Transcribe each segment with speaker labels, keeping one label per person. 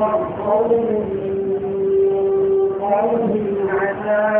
Speaker 1: قوم من قوم عذاب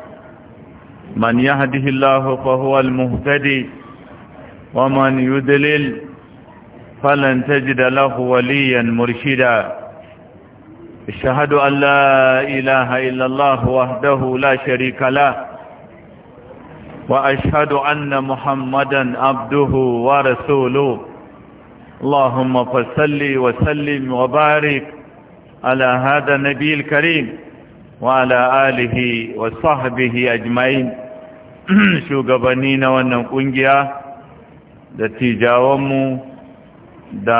Speaker 2: من يهده الله فهو المهتدي ومن يدلل فلن تجد له وليا مرشدا اشهد أن لا إله إلا الله وحده لا شريك له وأشهد أن محمدا عبده ورسوله اللهم فصل وسلم وبارك على هذا النبي الكريم وعلى آله وصحبه أجمعين shugabanni na wannan kungiya da tijawanmu da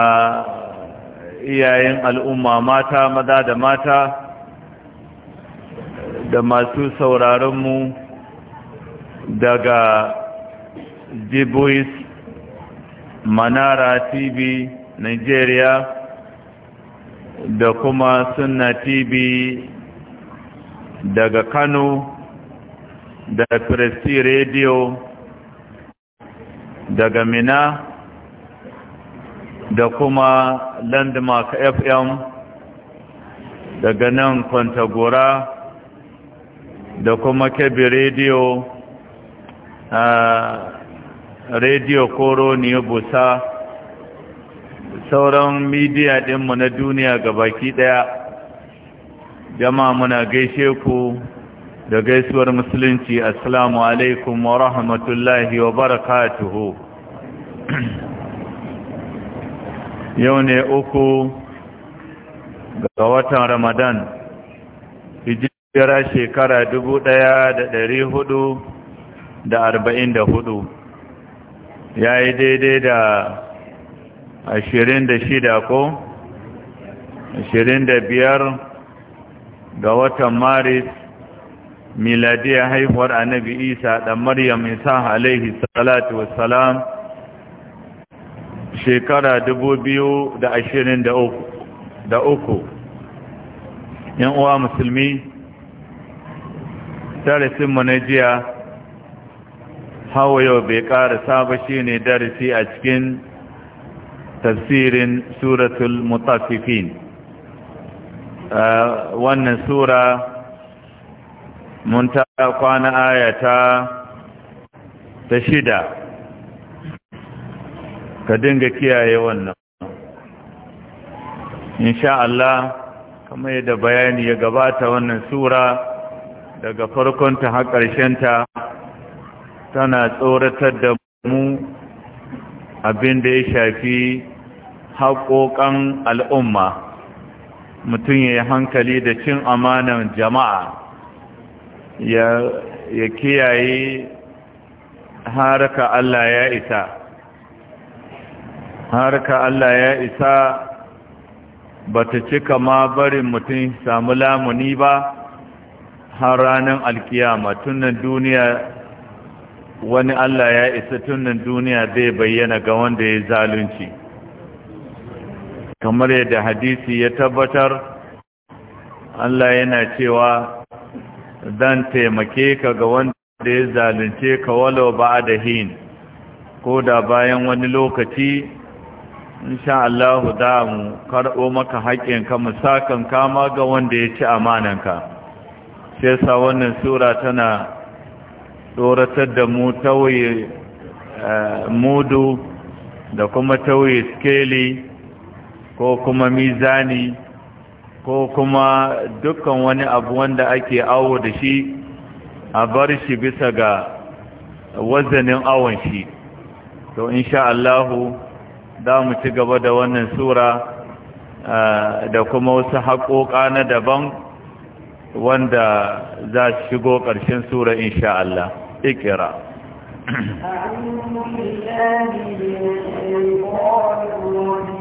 Speaker 2: iyayen al'umma mata maza da mata da masu sauraronmu daga jibois manara tv nigeria da kuma sunna tv daga kano da Presti Radio daga Mina da kuma Landmark FM daga nan Kwantagora da kuma Kebbi Radio a Radio Koro Busa sauran midiya ɗinmu na duniya ga baki ɗaya jama'a muna gaishe ku da gaisuwar musulunci assalamu alaikum wa rahmatullahi wa barakatuhu yau ne uku ga watan ramadan hijira shekara dubu ɗaya da ɗari huɗu da arba'in da hudu ya yi daidai da ashirin da shida ko ashirin da biyar ga watan maris miladiyar haihuwar annabi isa da maryam isa alaihi salatu wassalam shekara uku. yan uwa musulmi darasinmu na jiya hawa yau bai ƙara ba shi ne darasi a cikin tafsirin suratul mutafifin wannan sura mun ta kwana ayata ta shida ka dinga kiyaye wannan insha Allah kamar yadda bayani ya gabata wannan sura daga farkonta har ta tana tsoratar da mu abin da ya shafi haƙoƙan al'umma mutum ya yi hankali da cin amanan jama'a ya kiyaye haraka Allah ya isa haraka Allah ya isa ba ta cika ma barin mutum samu lamuni ba har ranar alkiyama tunan duniya wani Allah ya isa tunan duniya zai bayyana ga wanda ya zalunci kamar yadda hadisi ya tabbatar Allah yana cewa dan taimake ka ga wanda ya zalunce ka walau ba da hin ko da bayan wani lokaci insha Allah da mu karɓo maka haƙƙinka musakan kama ga wanda ya ci amananka sai sa wannan sura tana tsoratar da mu tauye eh, mudu da kuma tauye skeli ko kuma mizani ko kuma dukkan wani abu wanda ake awo da shi a bar shi bisa ga wazanin awon shi to insha Allahu za mu ci gaba da wannan sura da kuma wasu haƙoƙa na daban wanda za su shigo ƙarshen sura insha Allah ikira
Speaker 1: أعوذ بالله من الشيطان الرجيم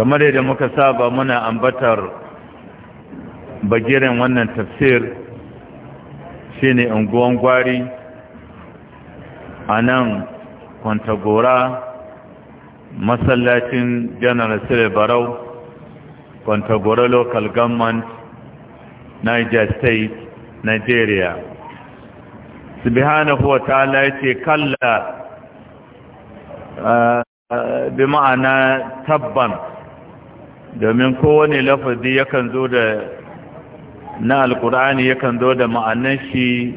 Speaker 2: kamar yadda muka saba muna ambatar bagiren wannan tafsir ne unguwan gwari a nan kwantagora masallacin janar sire barau kwantagora local government niger state nigeria subhanahu wa ta'ala yace kalla uh, uh, bi ma'ana tabban domin kowane lafazi yakan zo da na alkur'ani yakan zo da ma'anan shi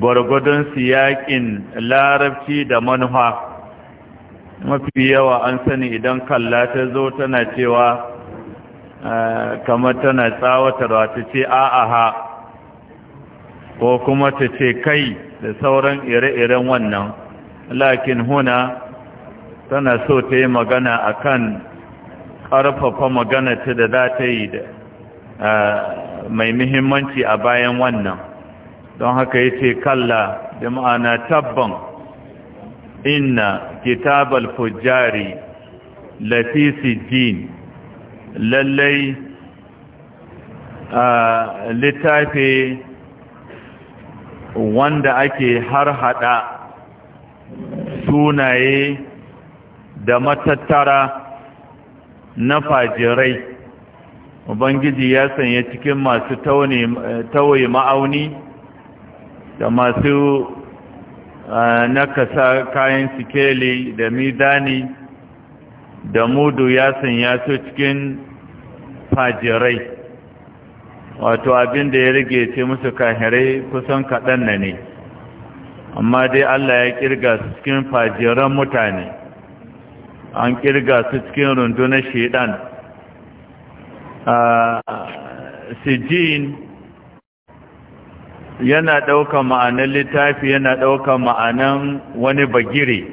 Speaker 2: gwargwadon siyakin larabci da manufa mafi yawa an sani idan kalla ta zo tana cewa ah, kamar tana tsawatarwa ta ce a'aha ko kuma ta ce kai da sauran ire-iren wannan lakin huna tana so ta yi magana akan ƙarfafa magana ta da za ta yi da mai muhimmanci a bayan wannan don haka ya ce kalla da ma'ana tabban inna kitabal fujari lafisi jin lallai littafi wanda ake har hada sunaye da matattara na fajirai ubangiji ya sanya cikin masu tawaye ma'auni da masu nakasa kayan sikeli da midani da mudu ya sanya su cikin fajirai wato abin da ya rage ce musu kahirai kusan kaɗan na ne amma dai Allah ya ƙirga su cikin fajiran mutane an kirga su cikin rundunar shaidan ah, sijin yana ɗauka ma'anar littafi yana ɗauka ma'anar wani bagire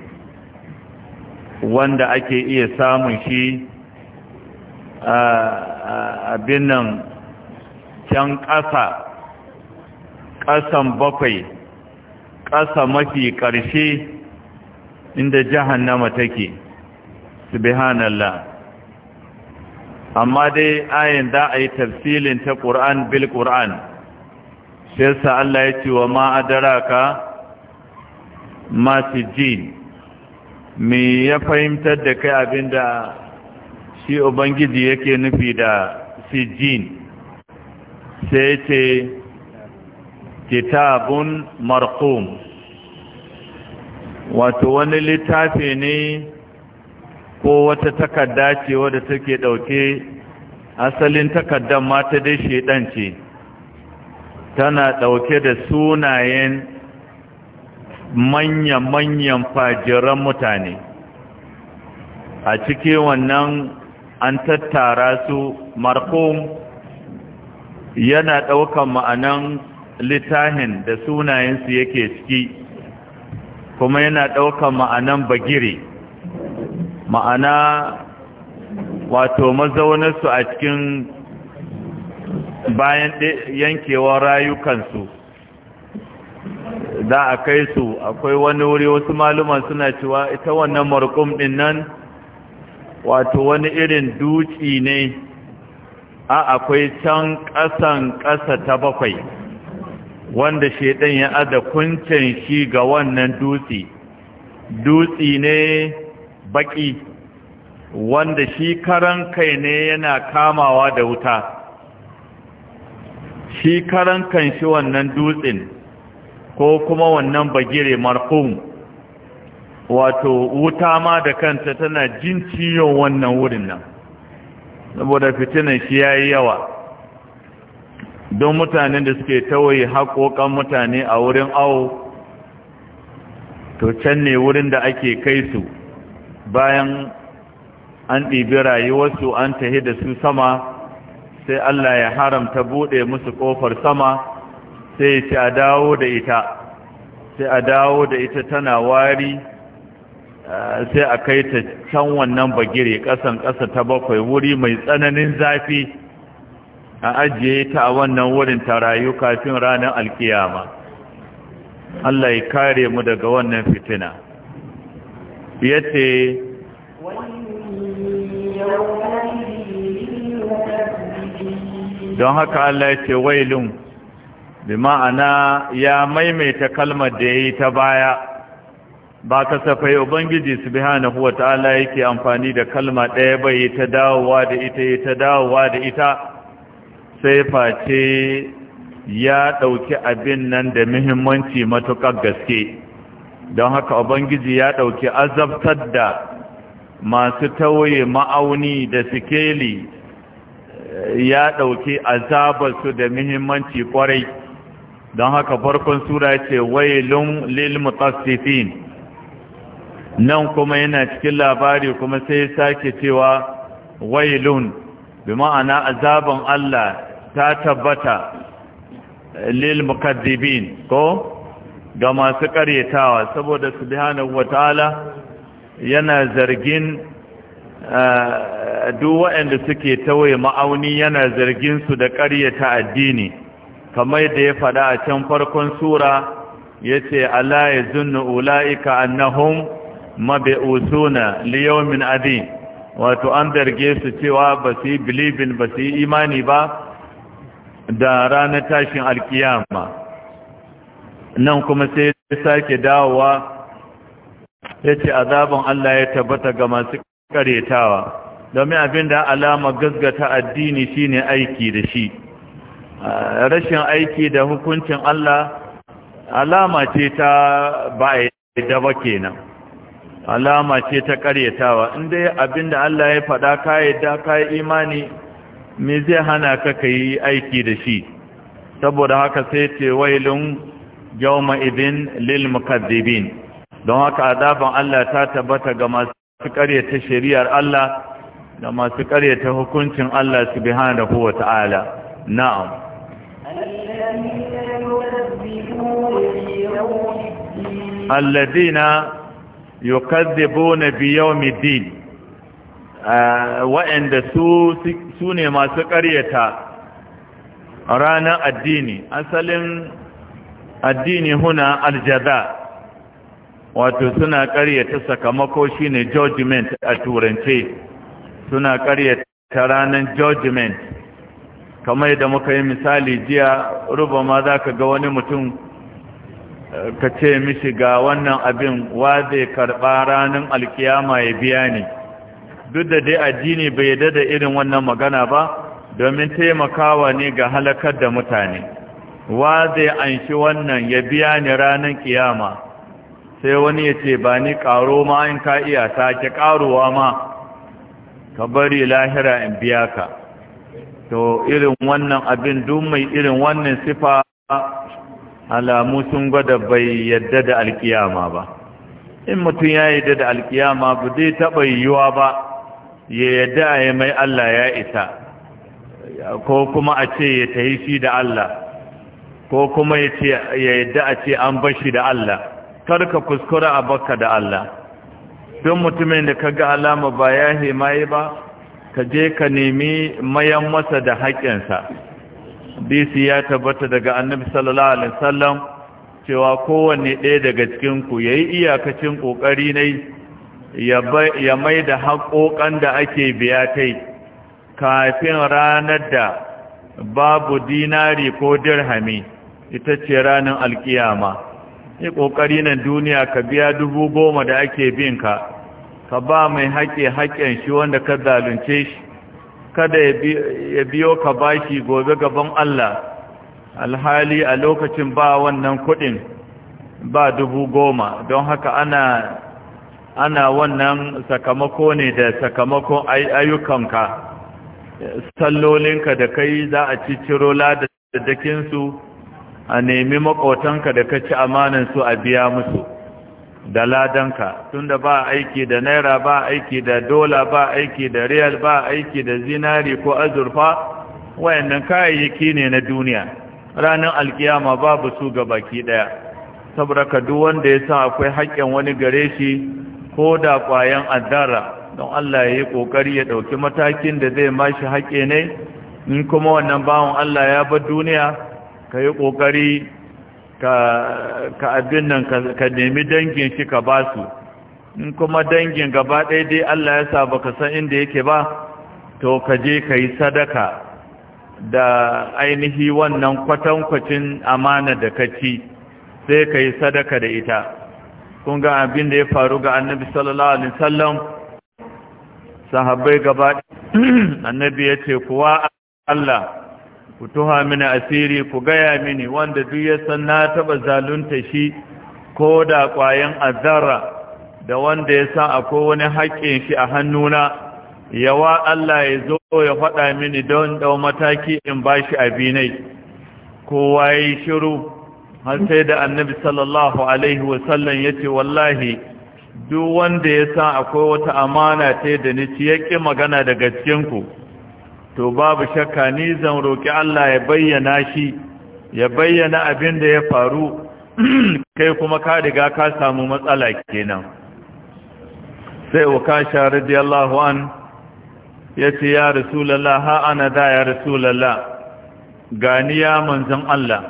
Speaker 2: wanda ake iya samun shi abin nan can ƙasa ƙasan bakwai ƙasa mafi ƙarshe inda jahannama take subhanallah amma dai ayin za a yi tafsilin ta ƙur'an bil ƙur'an sai sa Allah ya ce wa ma adaraka ma me ya fahimtar da kai abinda shi ubangiji yake nufi da sijjin sai ce kitabun marqum wato wani littafi ne ko wata takarda ce wadda take ɗauke asalin takardar mata dai shedan ce tana ɗauke da sunayen manya-manyan fajiran mutane a cike wannan an tattara su marhum yana ɗaukan ma'anan littahin da sunayensu yake ciki kuma yana ɗaukan ma'anan bagire ma'ana wato mazaunarsu a cikin bayan yankewar rayukansu za a kai su akwai wani wuri wasu maluman suna cewa ita wannan marƙum ɗin nan wato wani irin duci ne a akwai can ƙasan ƙasa ta bakwai wanda shaidan ya ada kuncin shi ga wannan dutse dutse ne baki wanda shi karan kai ne yana kamawa da wuta shi karan kan shi wannan dutsen ko kuma wannan bagire marhum wato wuta ma da kanta tana jin ciyon wannan wurin nan saboda fitinan shi ya yi yawa don mutanen da suke tawaye haƙoƙan mutane a wurin awo to can ne wurin da ake kai su bayan an ɗibi rayuwarsu an tahi da su sama sai Allah ya haramta buɗe musu ƙofar sama sai ce a dawo da ita sai a dawo da ita tana wari sai a kai ta can wannan bagire ƙasan ƙasa ta bakwai wuri mai tsananin zafi a ajiye ta a wannan wurin ta rayu kafin ranar alkiyama Allah ya kare mu daga wannan fitina ya ce
Speaker 1: don haka Allah ya ce
Speaker 2: wailun bi ma'ana ya maimaita kalmar da ya yi ta baya ba kasafai ubangiji subhanahu wata'ala yake amfani da kalma ɗaya bai yi ta dawowa da ita yi ta dawowa da ita sai face ya ɗauki abin nan da muhimmanci matuƙar gaske don haka ubangiji ya ɗauki azabtar da masu tauye ma'auni da sikeli ya ɗauki azabarsu da muhimmanci kwarai don haka farkon sura ce wailun lil mutassifin nan kuma yana cikin labari kuma sai ya sake cewa lun bi ma'ana azabin Allah ta tabbata lil ko ga masu karyatawa saboda subhanahu wataala yana zargin eh, duk waɗanda suke tawaye ma'auni yana zargin su da karyata addini kamar da ya faɗa a can farkon sura yace ala yazunnu ulaika annahum mabi'usuna yawmin adin wato an zarge su cewa ba su yi bilibin ba su yi imani ba da ranar tashin alkiyama nan kuma sai ya sake dawowa ya ce azaban Allah ya tabbata ga masu karyatawa, domin abin da alama gasgata addini shine aiki da shi rashin aiki da hukuncin Allah alama ce ta ba da ba kenan alama ce ta karyatawa inda abin da Allah ya faɗa ka da kayi imani me zai hana ka ka yi aiki da shi saboda haka sai ce wailun yawma idin lil mukaddibin don haka adaban Allah ta tabbata ga masu karyata shari'ar Allah da masu karyata hukuncin Allah subhanahu wa ta'ala na'am alladina yukazzibuna bi yawmiddin ah, wa'anda su su ne masu karyata ranar addini asalin addini huna aljaza wato suna karyata sakamako shine judgment a turance suna karyata ranar judgment kamar da muka yi misali jiya ruba ma za ka ga wani mutum ka ce mishi ga wannan abin wa zai karɓa ranar alkiyama ya biya ne duk da dai addini bai yadda da irin wannan magana ba domin taimakawa ne ga halakar da mutane wa zai shi wannan ya biya ni ranar kiyama sai wani ya ce ba ni ƙaro ma in ka iya sake ƙarowa ma ka bari lahira in biya ka to irin wannan abin duk mai irin wannan sifa alamu sun gwada bai yadda da alkiyama ba in mutum ya yadda da alkiyama ba zai taɓa yiwuwa ba ya yadda a yi mai Allah ya isa ko kuma a ce ya tahi shi da Allah ko kuma ya yadda a ce an bashi da Allah Kar ka kuskura a baka da Allah don mutumin da ka ga alama ba ya himaye ba ka je ka nemi mayan masa da haƙƙinsa Bisi ya tabbata daga annabi sallallahu alaihi wasallam cewa kowanne ɗaya daga cikin ku yayi iyakacin kokari ne ya mai da haƙoƙan da ake biya kai kafin ranar da babu dinari ko dirhami ita ce ranar alkiyama yi ƙoƙari na duniya ka biya dubu goma da ake bin ka ka ba mai haƙe haƙen shi wanda ka zalunce shi kada ya biyo ka bashi gobe gaban Allah alhali a lokacin ba wannan kuɗin ba dubu goma don haka ana ana wannan sakamako ne da sakamakon ayyukanka sallolinka da kai za a ci ciro ladadakinsu a nemi makotanka da ka ci su a biya musu da ladanka tunda ba aiki da naira ba aiki da dola ba aiki da riyal ba aiki da zinari ko azurfa wayannan kayayyaki ne na duniya ranar alkiyama babu su ga baki daya saboda ka duk wanda ya san akwai haƙƙin wani gare shi ko da ƙwayan addara don Allah ya yi ƙoƙari ya ɗauki matakin da zai mashi haƙƙe ne in kuma wannan bawan Allah ya bar duniya ka yi ƙoƙari ka abin nan ka nemi dangin shi ka ba su in kuma dangin gaba ɗaya dai Allah ya sa ba ka san inda yake ba to ka je ka yi sadaka da ainihi wannan kwatankwacin amana da kaci sai ka yi sadaka da ita kun ga abin da ya faru ga annabi sallallahu alaihi wasallam sahabbai gaba annabi ya ce kuwa Allah ku tuha mini asiri ku gaya mini wanda duk ya san na taɓa zalunta shi ko da kwayan azara da wanda ya sa akwai wani haƙƙin shi a hannuna yawa Allah ya zo ya faɗa mini don ɗau mataki in ba shi abinai kowa ya yi shiru har sai da annabi sallallahu alaihi wasallam ya ce wallahi duk wanda ya sa akwai wata amana ta da ni ci magana daga cikinku to babu shakka ni zan roƙi Allah ya bayyana shi ya bayyana abin da ya faru kai kuma ka riga ka samu matsala kenan sai ukasha radiyallahu an ya ce ya rasulullah ha ana da ya rasulullah gani ya manzon Allah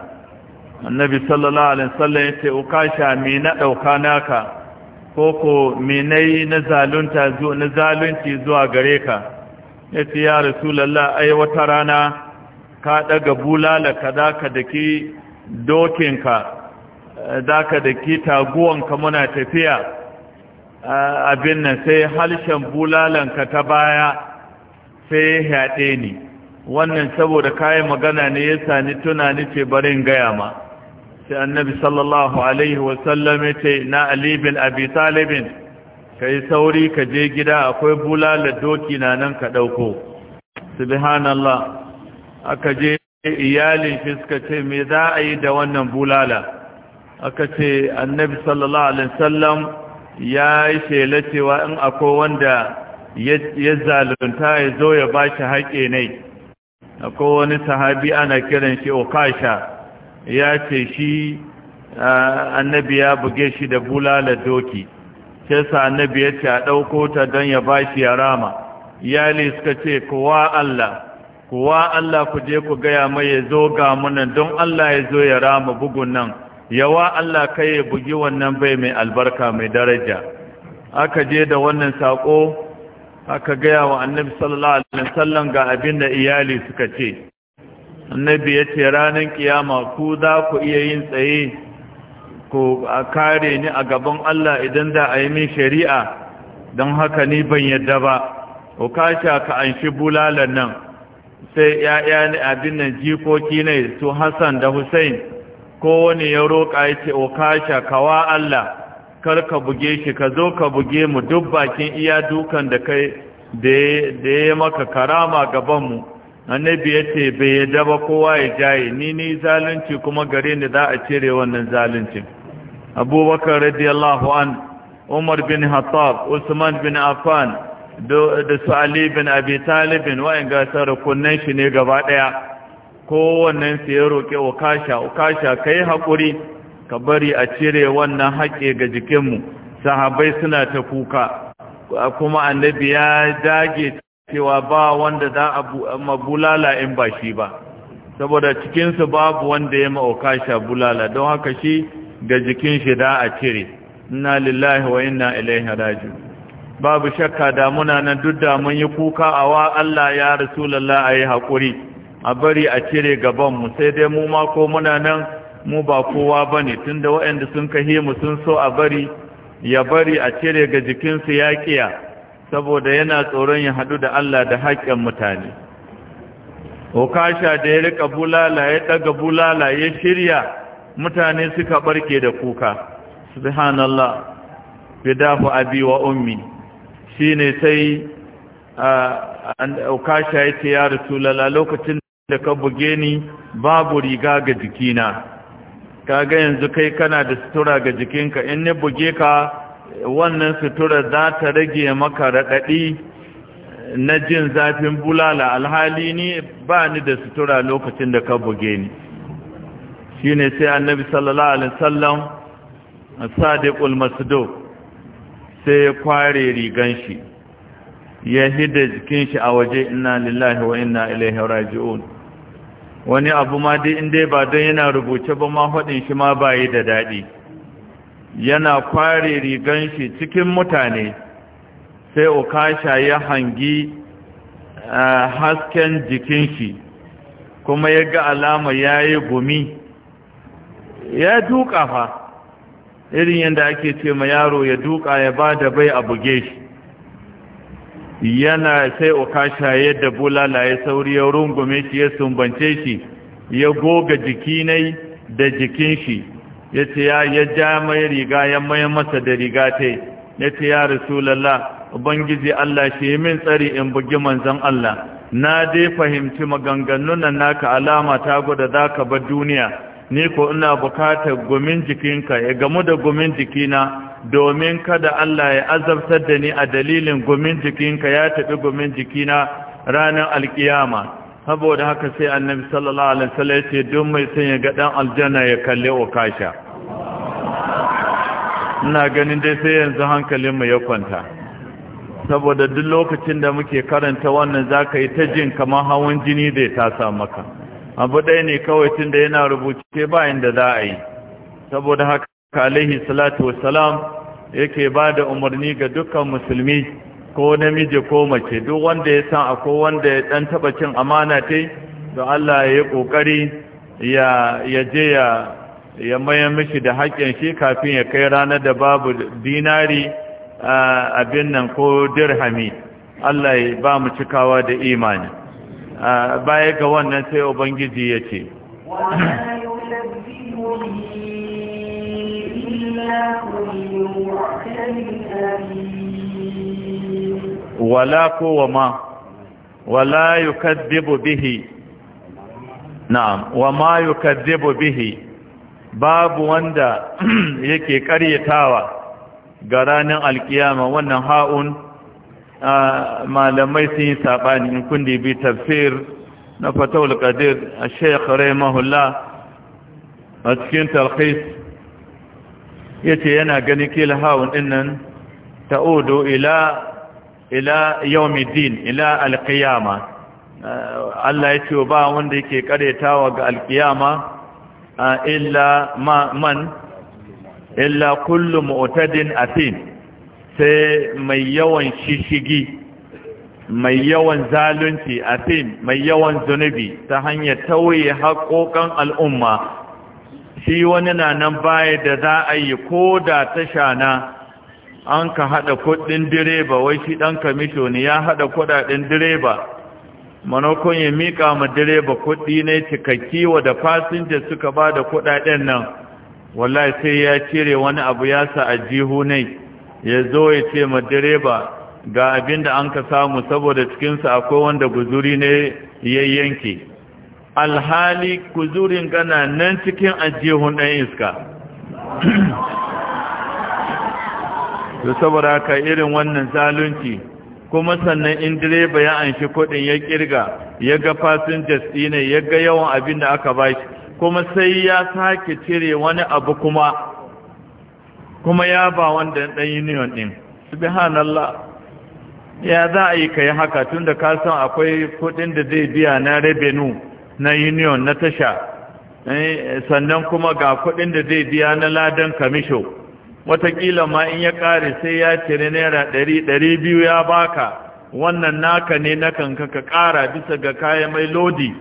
Speaker 2: annabi sallallahu alaihi wasallam ce ukasha me na dauka naka koko me nayi na zalunta zuwa na zalunci zuwa gare ka ya ce ya rasulallah ai wata rana ka daga bulala ka za ka daki dokinka za ka daki taguwanka muna tafiya abin nan sai harshen bulalanka ta baya sai ya haɗe ni wannan saboda kayan magana ne ya sani tunani ce barin gaya ma sai annabi sallallahu alaihi wasallam ya ce na alibin abi talibin ka yi sauri ka je gida akwai bulalar doki na nan ka ɗauko subhanallah aka je iyalin shi suka ce me za a yi da wannan bulala aka ce annabi sallallahu alaihi wasallam ya yi shela cewa in akwai wanda ya zalunta ya zo ya ba shi haƙe ne akwai wani sahabi ana kiran shi okasha ya ce shi annabi ya buge shi da bulala doki sai sa annabi ya ce a ɗauko ta don ya bashi ya rama iyali suka ce kuwa Allah kuwa Allah ku je ku gaya mai ya zo ga munan don Allah ya zo ya rama bugun nan yawa Allah kai ya bugi wannan bai mai albarka mai daraja aka je da wannan saƙo aka gaya wa annabi sallallahu alaihi wasallam ga abin da iyali suka ce annabi ya ce ranar kiyama ku za ku iya yin tsaye ko a kare ni a gaban Allah idan za a yi min shari'a don haka ni ban yadda ba o kasha ka an shi bulalar nan sai ya'ya ni abin nan jikoki ne su Hassan da Hussein kowane ya roƙa ya ce o kasha kawa Allah kar ka buge shi ka zo ka buge mu duk bakin iya dukan da kai da ya maka karama gabanmu annabi ya ce bai yadda ba kowa ya jaye ni ni zalunci kuma gare ni za a cire wannan zaluncin abubakar radiyallahu an umar bin hattab usman bin afan da su ali bin abi talibin wa'in gasar rukunan shi ne gaba ɗaya kowannen su ya roƙe ukasha ukasha ka yi haƙuri ka bari a cire wannan haƙe ga jikinmu sahabai suna ta kuka kuma annabi ya dage cewa ba wanda za a bulala in ba shi ba saboda cikinsu babu wanda ya ma'aukasha bulala don haka shi ga jikin shi da a cire inna lillahi wa inna ilaihi raju. babu shakka da muna nan duk da mun yi kuka a wa Allah ya rasulullah ayi hakuri a bari a cire gaban mu sai dai mu ma ko muna nan mu ba kowa bane tunda waɗanda sun kahe mu sun so a bari ya bari a cire ga jikinsu ya kiya saboda yana tsoron ya hadu da Allah da haƙƙin mutane kasha da ya rika bulala ya ɗaga bulala ya shirya mutane suka barke da kuka subhanallah dafu abi wa ummi shine sai ukasha yace ya rasulullah lokacin da ka buge ni babu riga ga jikina kaga yanzu kai kana da sutura ga jikinka in ne buge ka wannan sutura za ta rage maka raɗaɗi na jin zafin bulala alhali ni ba ni da sutura lokacin da ka buge ni ne sai annabi sallallahu alaihi wasallam sadiqul masdu sai ya kware rigan shi ya hida jikin shi a waje inna lillahi wa inna ilaihi raji'un wani abu ma dai inda ba don yana rubuce ba ma faɗin shi ma bayi da daɗi yana kware rigan shi cikin mutane sai ukasha ya hangi eh, hasken jikin shi kuma ya ga alama yayi gumi ya duka fa irin yadda ake ce ma yaro ya duka ya ba da bai a buge shi yana sai okasha yadda bulala ya sauri ya rungume shi ya sumbance shi ya goga jiki jikinai da jikin shi ya ce ya ja mai riga ya mayan masa da riga ta ya ce ya rasulallah ubangiji Allah shi min tsari in bugi manzan Allah na dai fahimci maganganun nan naka alama ta gwada za ka bar duniya ni ko ina bukatar gumin jikinka ya gamu da gumin jikina domin kada Allah ya azabtar da ni a dalilin gumin jikinka ya tafi gumin jikina ranar alkiyama saboda haka sai annabi sallallahu alaihi wasallam ya ce duk mai son ya ga dan aljanna ya kalle kasha. ina ganin dai sai yanzu hankalinmu ya kwanta saboda duk lokacin da muke karanta wannan zaka yi ta jin kamar hawan jini da ya tasa maka abu ɗaya ne kawai tun da yana rubuce ba inda za a yi saboda haka kalihi salatu salam yake ba da umarni ga dukkan musulmi ko namiji ko mace duk wanda ya san akwai wanda ya ɗan taɓa cin amana ta to Allah ya yi ƙoƙari ya je ya ya mayar mishi da haƙƙin shi kafin ya kai ranar da babu dinari abin nan ko dirhami Allah ya ba mu cikawa da imani baya ga wannan sai ubangiji ya ce wala wa ma wala yukaddibu bihi na'am wa ma yukaddibu bihi babu wanda yake karyatawa ga ranar alkiyama wannan ha'un malamai sun yi saɓani in kun bi tafsir na fatawul kadir a sheikh rahimahullah a cikin talqis yace yana gani hawan ɗinnan ta ta'udu ila ila yawmiddin ila alkiyama Allah ya ce ba wanda yake karetawa ga alkiyama illa man illa kullum mu'tadin athim sai mai yawan shishigi mai yawan zalunci a mai yawan zunubi ta hanyar tauye haƙoƙan al'umma shi wani na nan baya da za a yi ko da ta shana an ka haɗa kuɗin direba wai shi ɗan kamisho ne ya haɗa kuɗaɗen direba Manokon ya miƙa ma direba kuɗi ne cikakki da fasinja suka ba da kuɗaɗen nan wallahi sai ya cire wani abu ya sa a jihu ne ya zo ya ce ma direba ga abin da an ka samu saboda cikinsa akwai wanda guzuri ne ya yanke alhali guzurin gana nan cikin ajihun ɗan iska Su saboda ka irin wannan zalunci kuma sannan in direba ya anshi kuɗin ya kirga ya ga fasinjas ne ya ga yawan abin da aka bashi kuma sai ya sake cire wani abu kuma kuma ya ba wanda ɗan union ɗin subhanallah ya za a yi ka haka tun da ka san akwai kudin da zai biya na revenue na union na tasha eh, sannan kuma ga kuɗin da zai biya na ladan kamisho watakila ma in ya kare sai ya cire naira ɗari ɗari biyu ya baka wannan naka ne na kanka ka ƙara bisa ga kaya mai lodi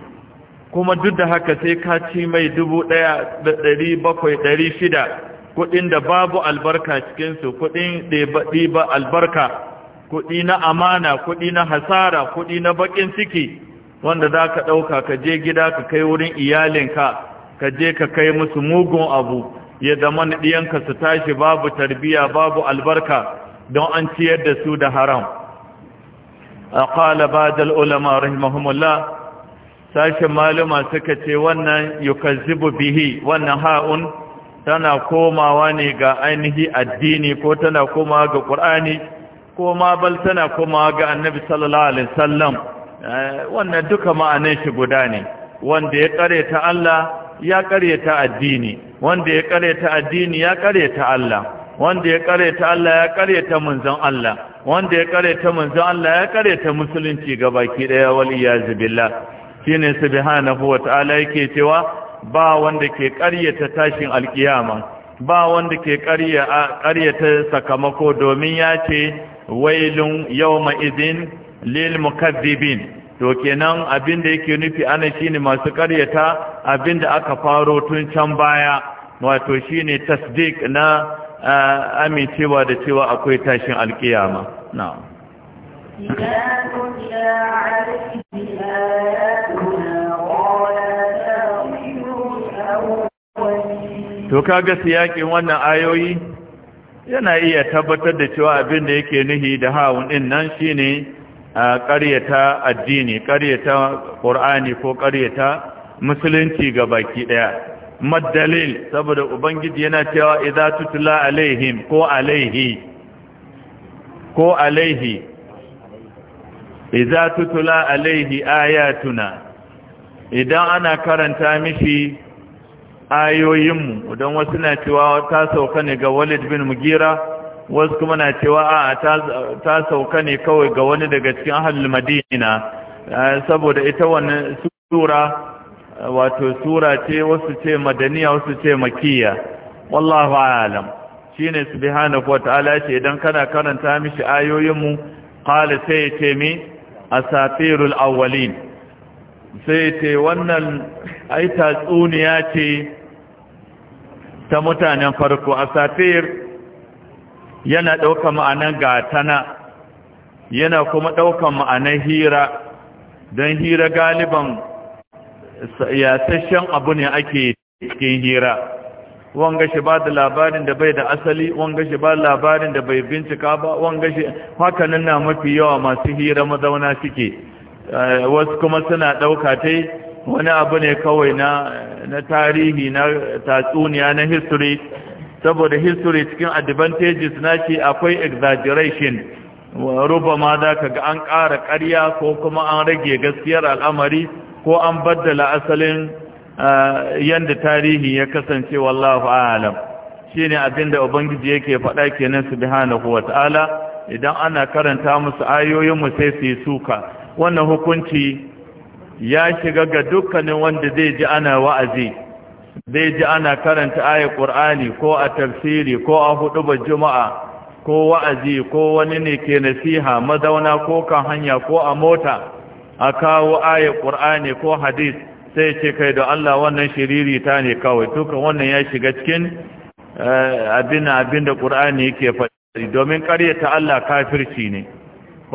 Speaker 2: kuma duk da haka sai ka ci mai dubu ɗaya da ɗari bakwai ɗari shida kuɗin da babu albarka cikinsu kuɗin ɗiba albarka kuɗi na amana kuɗi na hasara kuɗi na baƙin ciki wanda za ka ɗauka ka je gida ka kai wurin iyalinka ka je ka kai musu mugun abu ya zama ɗiyanka su tashi babu tarbiya babu albarka don an ciyar da su da haram a ƙala ba ulama rahimahumullah sashen maluma suka ce wannan yukazibu bihi wannan ha'un tana komawa ne ga ainihi addini ko tana komawa ga ƙur'ani ko ma bal tana komawa ga annabi sallallahu alaihi wasallam eh, wannan duka ma'anar shi guda ne wanda ya kare Allah ya kare addini wanda ya kare addini ya kare Allah wanda ya kare ta Allah ya kare ta Allah wanda ya kare ta manzon Allah ya kare ta musulunci gabaki daya wal iyaz billah shine subhanahu wa ta'ala yake cewa ba wanda ke ƙaryata tashin alkiyama ba wanda ke ƙaryata sakamako domin ya ce wailun yawma idin lil mukazzibin to kenan abin da yake nufi ana shine masu ƙaryata abin da aka faro tun can baya wato shine tasdik na amincewa da cewa akwai tashin alkiyama na'am إذا to kaga siyakin wannan ayoyi yana iya tabbatar da cewa abin da yake nuhi da hawun din nan shine ƙaryata addini ƙaryata qur'ani ko ƙaryata musulunci ga baki daya maddalil saboda ubangiji yana cewa idza tutla alaihim ko alaihi ko alaihi idza tutla alaihi ayatuna idan ana karanta mishi ayoyinmu don wasu na cewa ta sauka ne ga walid bin mugira wasu kuma na cewa a ta sauka ne kawai ga wani daga cikin ahalul madina eh, saboda ita wannan sura wato sura ce wasu ce madaniya wasu ce makiya wallahu alam shine subhanahu ta'ala ce idan kana karanta mishi ayoyinmu qala sai ce mi asatirul awwalin sai ce wannan ai tatsuniya ce ta mutanen farko a safir yana ɗauka ma'anan gatana yana kuma ɗauka ma'anan hira don hira galiban yasashen abu ne ake cikin hira wanga shi ba da labarin da bai da asali wanga shi ba labarin da bai bincika ba wanga shi hakanan na mafi yawa masu hira mazauna suke eh, wasu kuma suna ɗauka ta wani abu ne kawai na tarihi na tatsuniya na history saboda history cikin advantages na ce akwai exaggeration ruba za ka ga an ƙara ƙarya ko kuma an rage gaskiyar al'amari ko an baddala asalin yadda tarihi ya kasance wallahu alam shi ne abinda ubangiji yake faɗa kenan subhanahu wa ta'ala idan ana karanta musu ayoyinmu sai su yi suka wannan hukunci ya shiga ga dukkanin wanda zai ji ana wa'azi zai ji ana karanta ayat qur'ani ko a tafsiri ko a ba juma'a ko wa'azi ko wani ne ke nasiha mazauna ko kan hanya ko a mota a kawo ayat qur'ani ko hadis sai ce kai da Allah wannan shiriri ta ne kawai dukkan wannan ya shiga cikin eh, abin abin da qur'ani yake faɗi domin ƙaryata Allah kafirci ne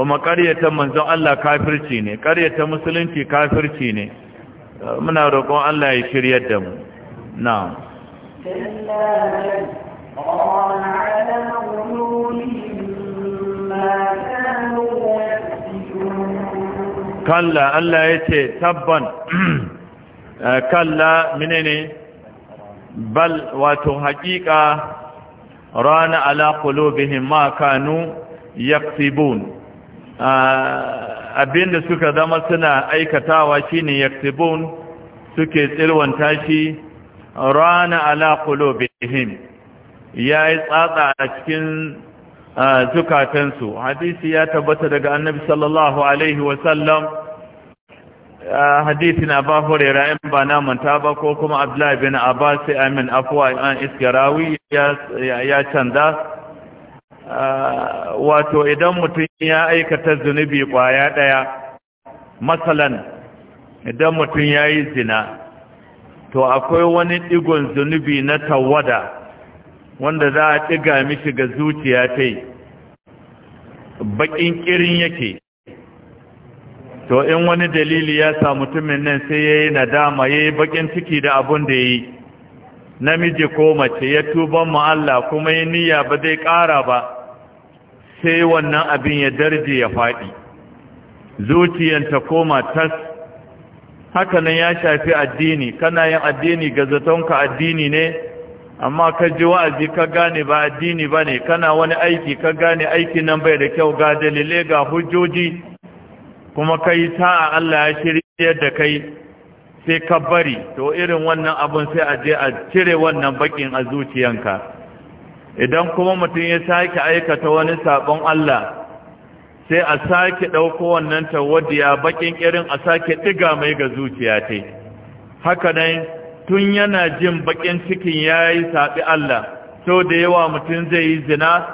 Speaker 2: kuma ƙaryata manzon Allah kafirci ne ƙaryata musulunci kafirci ne muna roƙon Allah ya shiryar da mu na. kalla Allah ya ce tabban eh, kalla menene bal wato haƙiƙa rana ala qulubihim ma kanu yaktibun Ah, abinda suka zama suna aikatawa shine yaktubun suke tsirwanta shi rana ala ya yayi tsatsa a cikin ah, zukatansu hadisi ya tabbata daga annabi sallallahu alaihi wasallam ah, hadisin ba hurairah in ba na manta ba ko kuma abdullahi bin abbas amin afwa an ya canza wato idan mutum ya aikata zunubi kwaya ɗaya masalan idan mutum ya yi zina to akwai wani ɗigon zunubi na tawada wanda za a ɗiga mishi ga zuciya ta yi baƙin ƙirin yake to in wani dalili ya sa mutumin nan sai ya yi nadama ya yi baƙin ciki da abin da ya yi namiji ko mace ya tuban mu kuma ya niyya ba zai ƙara ba sai wannan abin ya darje ya faɗi Zuciyanta ta koma tas haka nan ya shafi addini kana yin addini gazatonka addini ne amma ka ji wa'azi ka gane ba addini ba ne kana wani aiki ka gane aiki nan bai da kyau ga dalile ga hujjoji kuma kai sa'a Allah ya shirya da kai sai ka bari to irin wannan abun sai a je a cire wannan bakin a zuciyanka idan kuma mutum ya sake aikata wani sabon Allah sai a sake ɗauko wannan tawadiya bakin irin a sake ɗiga mai ga zuciya ta haka nan tun yana jin bakin cikin ya yi saɓi Allah sau da yawa mutum zai yi zina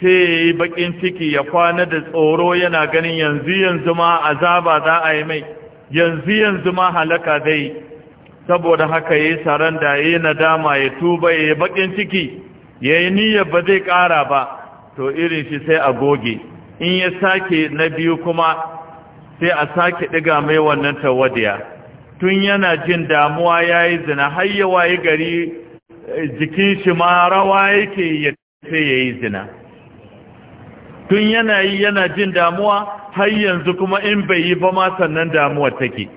Speaker 2: sai ya yi bakin ciki ya kwana da tsoro yana ganin yanzu yanzu ma azaba za a yi mai yanzu yanzu ma halaka zai saboda haka ya yi saranda ya yi nadama ya tuba ya yi bakin ciki ya yi niyyar ba zai ƙara ba to irin shi sai a goge in ya sake na biyu kuma sai a sake ɗiga mai wannan tawadiya tun yana jin damuwa ya yi zina har ya wayi gari eh, jikin shi ma rawa yake ya sai ya yi zina tun yana yi yana jin damuwa har yanzu kuma in bai yi ba ma sannan damuwa take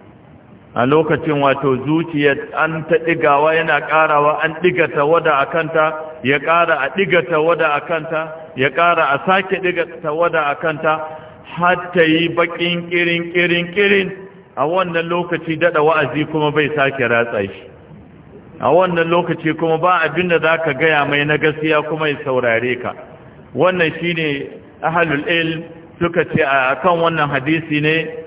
Speaker 2: a lokacin wato zuciyar an ta ɗigawa yana ƙarawa an ɗiga wada a ya ƙara a ɗigata wada a ya ƙara a sake ɗigata wada a har ta yi baƙin ƙirin ƙirin ƙirin a wannan lokaci daɗa wa'azi kuma bai sake ratsa shi a wannan lokaci kuma ba abin da za ka gaya mai na gaskiya kuma ya saurare ka wannan shi ne ahalul ilm suka ce a kan wannan hadisi ne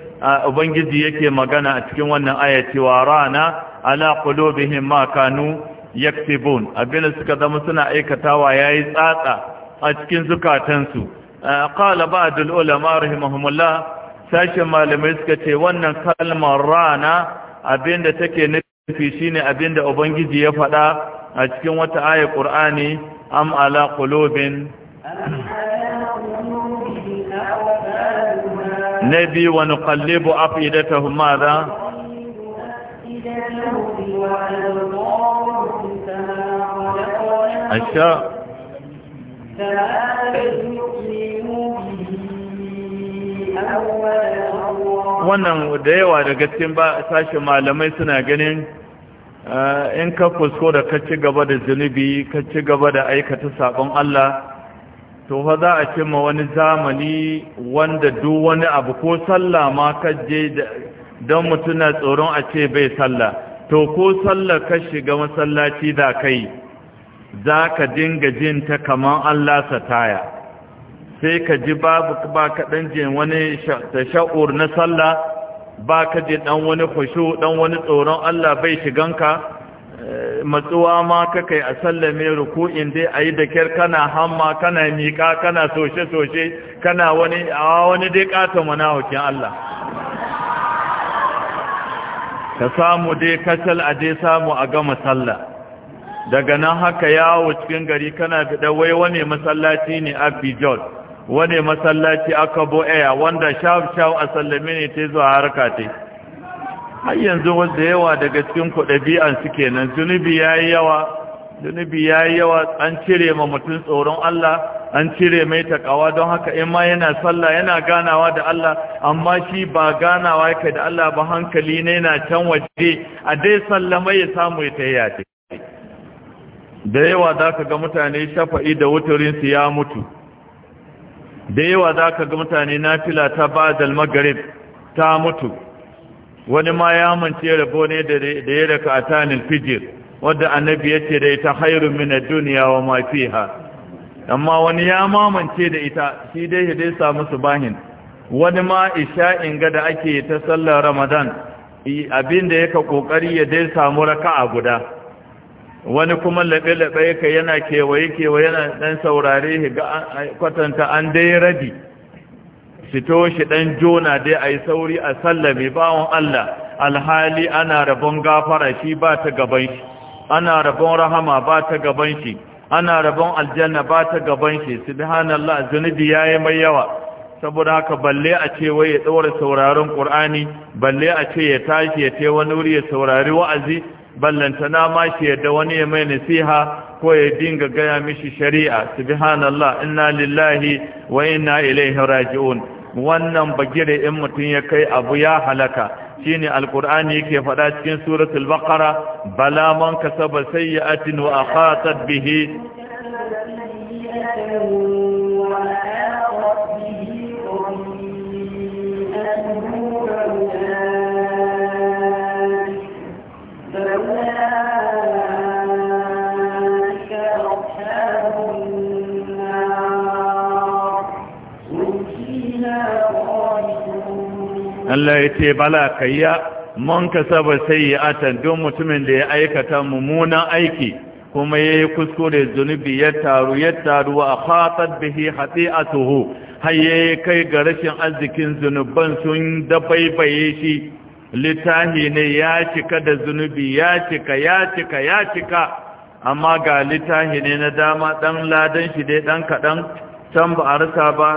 Speaker 2: ubangiji yake magana a cikin wannan aya cewa rana ala qulubihim ma kanu yaktibun abin suka zama suna aikatawa yayi tsatsa a cikin zukatansu qala ba'dul ulama rahimahumullah sashin malamai suka ce wannan kalmar rana abinda take nufi shine abinda ubangiji ya faɗa a cikin wata aya qur'ani am ala qulubin na biyu wani kallibu afidatahum
Speaker 1: wannan
Speaker 2: da yawa daga cikin sashi malamai suna ganin eh, in ka fusko da ka ci gaba da zunubi ka ci gaba da aikata sabon Allah to fa za a cimma wani zamani wanda duk wani abu ko sallah ma ka je don mutum na tsoron a ce bai sallah to ko sallah ka shiga masallaci da kai za ka dinga jin ta kamar Allah taya, sai ka ji babu ba ka jin wani tasha'ur na sallah ba ka ji ɗan wani khushu ɗan wani tsoron Allah bai shiganka matsuwa ma kakai a sallame ruku'in dai a yi da kyar kana hamma kana miƙa kana soshe-soshe kana wani a wani dai ƙata mana hukin Allah ka samu dai kacal a dai samu a gama sallah daga nan haka yawo cikin gari kana fiɗa wai wani masallaci ne a bijol wani masallaci aka bo'aya wanda shaf-shaf a sallame ne ta zuwa harka har yanzu wanda yawa daga cikin ku ɗabi'an kenan zunubi yayi yawa zunubi yayi yawa an cire ma mutum tsoron Allah an cire mai takawa don haka in ma yana sallah yana ganawa da Allah amma shi ba ganawa yake da Allah ba hankali ne yana can waje a dai sallama ya samu ya tayya ce da yawa ka ga mutane shafa'i da wuturinsu ya mutu da yawa ka ga mutane nafila ta ba'dal maghrib ta mutu wani ma ya mance rabo ne da ya daga atanin fijir wadda annabi ya ce da ita hairun mina duniya wa mafiha amma wani ya mamance da ita shi dai dai samu su bahin wani ma isha'in ga da ake ta sallar ramadan abinda yaka kokari ya dai samu raka'a guda wani kuma laɓe-laɓe yana kewaye-kewaye yana ɗan saurare ga kwatanta an dai radi fito shi ɗan jona dai a yi sauri a sallame bawon Allah alhali ana rabon gafara shi ba ta gaban shi ana rabon rahama ba ta gaban shi ana rabon aljanna ba ta gaban shi subhanallah zunubi yayi mai yawa saboda haka balle a ce wai ya ɗora sauraron ƙur'ani balle a ce ya tashi ya ce wani wuri ya saurari wa'azi ballantana ma shi yadda wani ya mai nasiha ko ya dinga gaya mishi shari'a subhanallah inna lillahi wa inna ilaihi raji'un wannan bagire in mutum ya kai abu ya halaka shine Alkur'ani yake faɗa cikin suratul baqara bala man kasaba sayyi'atin wa akhatat bihi Allah ya ce bala kayya man kasaba sayyi'atan don mutumin da ya aikata mummunan aiki kuma yayi kuskure zunubi ya taru ya taru a khatat bihi hati'atuhu haye kai ga rashin arzikin zunuban sun dabaibaye shi litahi ne ya cika da zunubi ya cika ya cika ya cika amma ga litahi ne na dama dan ladan shi dai dan kadan can ba a ba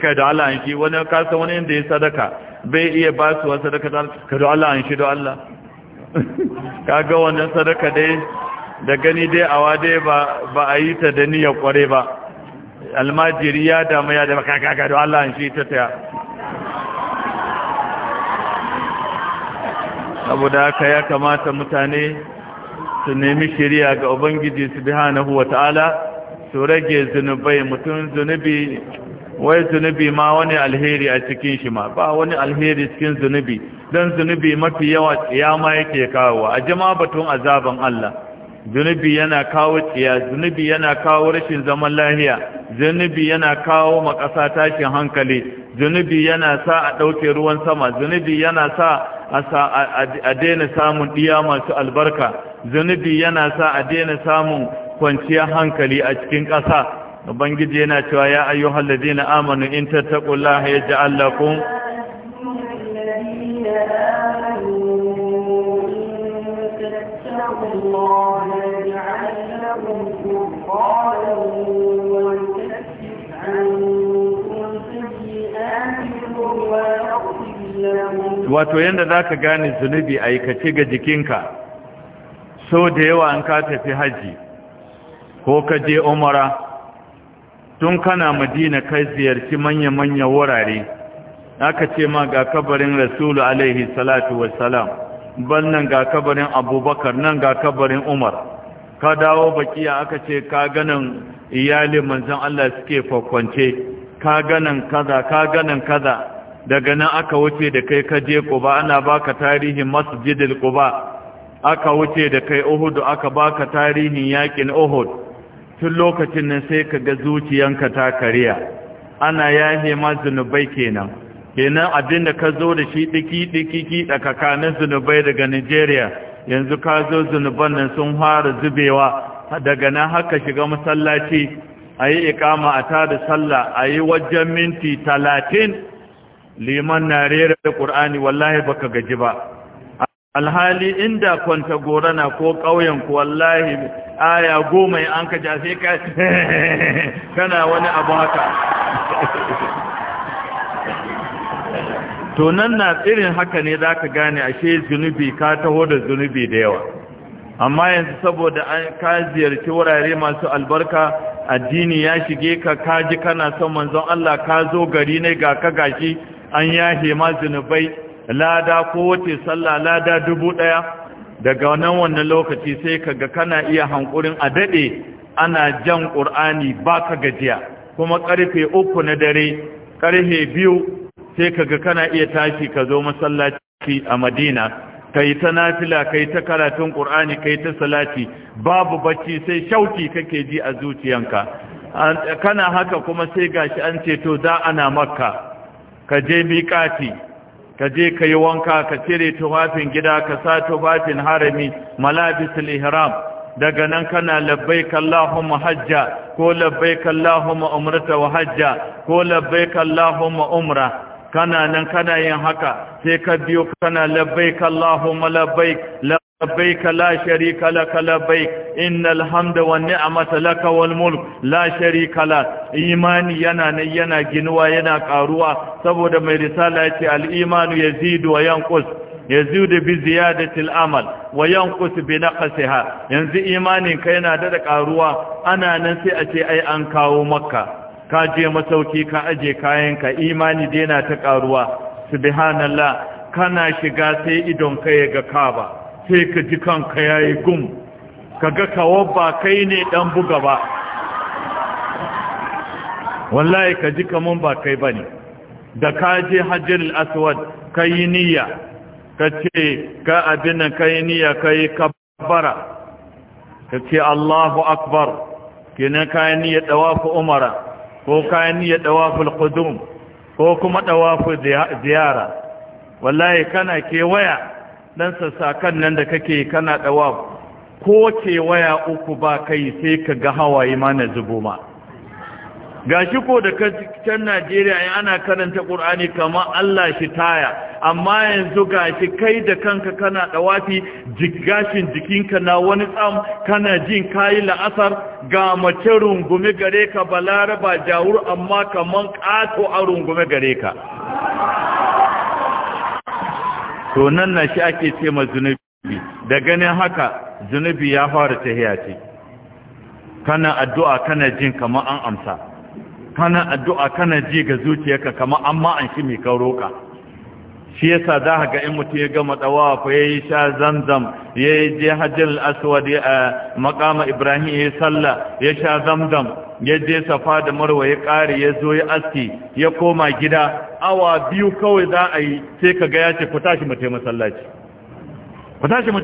Speaker 2: kai da Allah shi wani kasa wani inda ya sadaka bai iya ba su wasu sadaka ta Allah an shi do Allah kaga wannan sadaka dai da gani dai awa dai ba a yi ta da niya kware ba almajiri ya damu ya damu kaka kado Allah an shi ta Abu saboda haka ya kamata mutane su nemi shirya ga ubangiji subhanahu ta'ala su rage zunubai mutum zunubi wai zunubi ma wani alheri a cikin shi ma ba wani alheri cikin zunubi don zunubi mafi yawa ma yake kawo a jama batun azaban Allah zunubi yana kawo tsiya zunubi yana kawo rashin zaman lahiya zunubi yana kawo makasa tashin hankali zunubi yana sa a ɗauke ruwan sama zunubi yana sa a daina samun ɗiya masu albarka zunubi yana sa a daina samun kwanciyar hankali a cikin ƙasa ubangiji yana cewa ya ayyuhal ladina amanu in tattaqullaha yaj'al lakum wato yadda za ka gane zunubi aikace ga jikinka so da yawa an ka tafi haji. ko ka je umara tun kana madina kai ziyarci manya-manya wurare aka ce ma ga kabarin rasulu alaihi salatu ban bannan ga kabarin abubakar nan ga kabarin umar ka dawo bakiya aka ce ka ganin iyali manzan Allah suke fakwance ka ganin kaza ka ganin kaza daga nan aka wuce da kai ka je kuba ana baka tarihin masjidil kuba aka wuce da kai uhud aka baka tarihin yakin uhud tun lokacin nan sai ka ga zuciyanka ta kariya ana yahe ma zunubai kenan kenan abinda ka zo da shi diki-diki da kakanin zunubai daga nigeria yanzu ka zo zunuban nan sun fara zubewa daga nan haka shiga masallaci a yi ikama a tada sallah a yi wajen minti talatin liman na rera da ƙur'ani wallahi baka gaji ba alhali inda kwanta gorana ko ƙauyen ku wallahi aya goma an ka ja ka kana wani abu haka to nan na tsirin haka ne za ka gane ashe zunubi ka taho da zunubi da yawa amma yanzu saboda ka ziyarci wurare masu albarka addini ya shige ka kaji kana son manzon Allah ka zo gari ne ga ka gashi an yahe ma zunubai lada ko wace sallah lada dubu ɗaya daga nan wannan lokaci sai kaga kana iya hankurin a dade ana jan qur'ani baka gajiya kuma karfe uku na dare karfe biyu sai kaga kana iya tashi ka zo masallaci a madina kai ta nafila kai ta karatun qur'ani kai ta salati babu bacci sai shauki kake ji a zuciyanka kana haka kuma sai gashi an ce to za ana makka ka je miƙati ka je ka yi wanka ka cire tufafin gida ka sa tufafin harami malabisul ihram daga nan kana labbaik allahumma hajja ko labbaik allahumma umrata wa hajja ko labbaik allahumma umra kana nan kana yin haka sai ka biyo kana labbaik allahumma labbaik لبيك لا شريك لك لبيك إن الحمد والنعمة لك والملك yana شريك لك إيمان ينا ينا جنوا ينا قاروا سبود من رسالة الإيمان يزيد وينقص yazidu bi ziyadatil amal wa yanqus bi naqsiha yanzu imanin ka yana da karuwa ana nan sai a ce ai an kawo maka. ka je masauki ka aje kayan ka imani da yana ta ƙaruwa? subhanallah kana shiga sai idon ka ya ga kaba sai ka ji kanka ya yi gum ka ga kawo ba kai ne ɗan buga ba wallahi ka ji kamun ba kai ba ne da ka je hajjar aswad ka yi niyya ka ce ka abin nan ka yi niyya ka yi kabbara ka ce allahu akbar kenan ka yi niyya ɗawafi umara ko ka yi niyya ɗawafi alƙudum ko kuma ɗawafi ziyara wallahi kana kewaya dan sassakan nan da kake kana dawa ko waya uku ba kai sai ka ga hawaye ma na zubo ma gashi ko da kan Najeriya ai ana karanta Qur'ani kamar Allah shi taya amma yanzu gashi kai da kanka kana dawafi jigashin jikinka na wani tsam kana jin kayi la'asar ga mace rungume gare ka balaraba jawur amma kaman kato a rungume gare ka to nan na shi ake ce ma zunubi da ganin haka zunubi ya fara tahiya ce kana addu'a kana jin kamar an amsa kana addu'a kana ji ga zuciyarka kamar an ma an shi mai ka shi yasa za ga in mutum ya gama tsawafa ya yi sha zamzam ya yi je hajjin aswad a eh, makama ibrahim ya yi sallah ya sha zamzam ya je safa da marwa ya ƙare ya zo ya aski ya koma gida awa biyu kawai za a yi sai ka gaya ce ku tashi mu masallaci ku tashi mu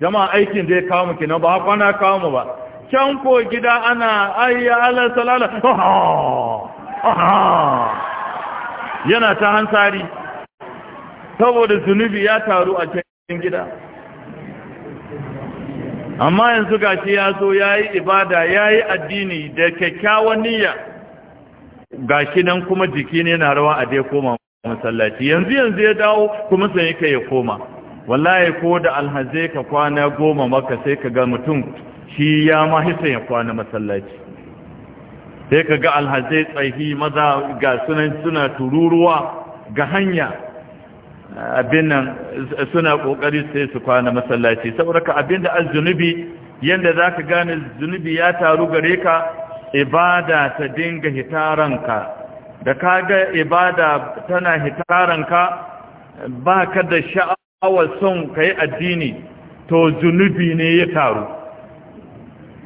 Speaker 2: jama'a aikin da ya kawo mu kenan ba kwana kawo mu ba can ko gida ana ayya ala salala yana ta hansari saboda zunubi ya taru a cikin gida amma yanzu gashi ya zo ya yi ibada ya yi addini da kyakkyawan niyya gashi nan kuma jiki ne na rawa a dai koma masallaci yanzu yanzu ya dawo kuma sai yake ya koma wallahi ko da alhazai ka kwana goma maka sai ka ga mutum shi ya ma hisa ya kwana masallaci sai ka ga alhazai tsaihi maza ga sunan suna tururuwa ga hanya abin nan suna ƙoƙari sai su kwana masallaci saboda ka abin da zunubi yadda zaka gane zunubi ya taru gare ka ibada ta dinga hitaranka da ka ibada tana hitaranka ba ka da sha'awar son ka addini to zunubi ne ya taru